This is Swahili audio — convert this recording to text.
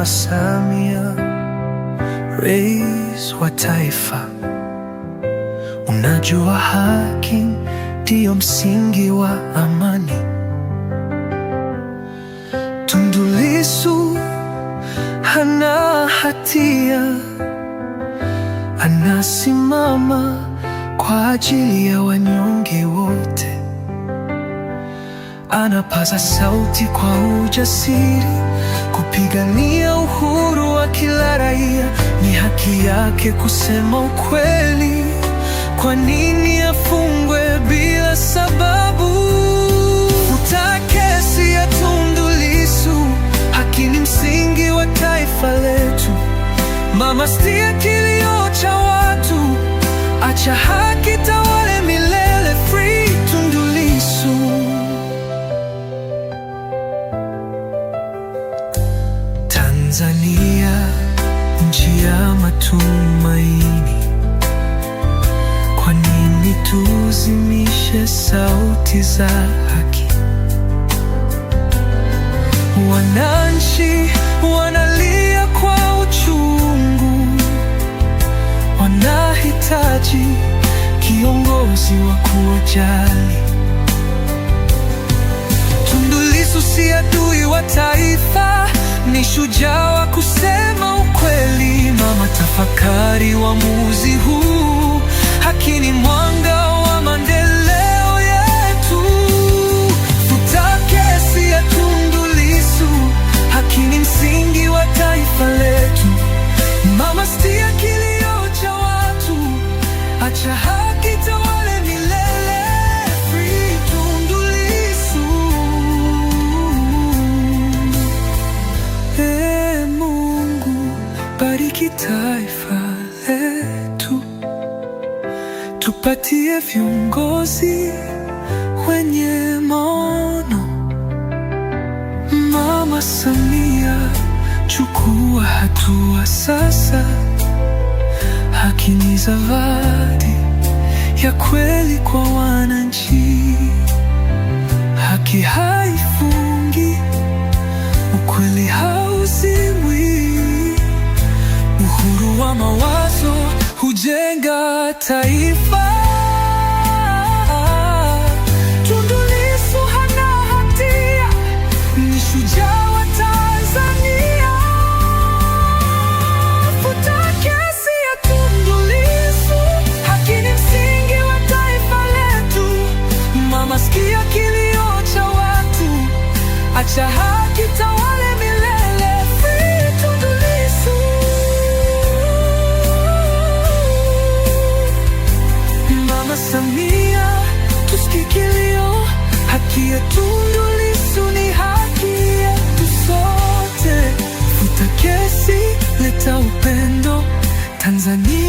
kama Samia, rais wa taifa, unajua haki ndiyo msingi wa amani. Tundu Lissu hana hatia, anasimama kwa ajili ya wanyonge wote, anapaza sauti kwa ujasiri Kupigania uhuru wa kila raia ni haki yake kusema ukweli. Kwa nini afungwe bila sababu? utakesi ya Tundu Lissu, haki ni msingi wa taifa letu. Mama, sikia kilio cha watu, acha haki tawale. Tanzania, nchi ya matumaini. Kwa nini tuzimishe sauti za haki? Wananchi wanalia kwa uchungu, wanahitaji kiongozi wa kuwajali. Tundu Lissu si adui wa taifa shujawa wa kusema ukweli. Mama, tafakari uamuzi huu, haki ni taifa letu, tupatie viongozi wenye maono. Mama Samia, chukua hatua sasa, haki ni zawadi ya kweli kwa wananchi. Haki haifungi, ukweli hauzimwi mawazo hujenga taifa. Tundu Lissu hana hatia, ni shujaa wa Tanzania. Futa kesi ya Tundu Lissu, haki ni msingi wa taifa letu. Mama, sikia kilio cha watu, acha haki Deus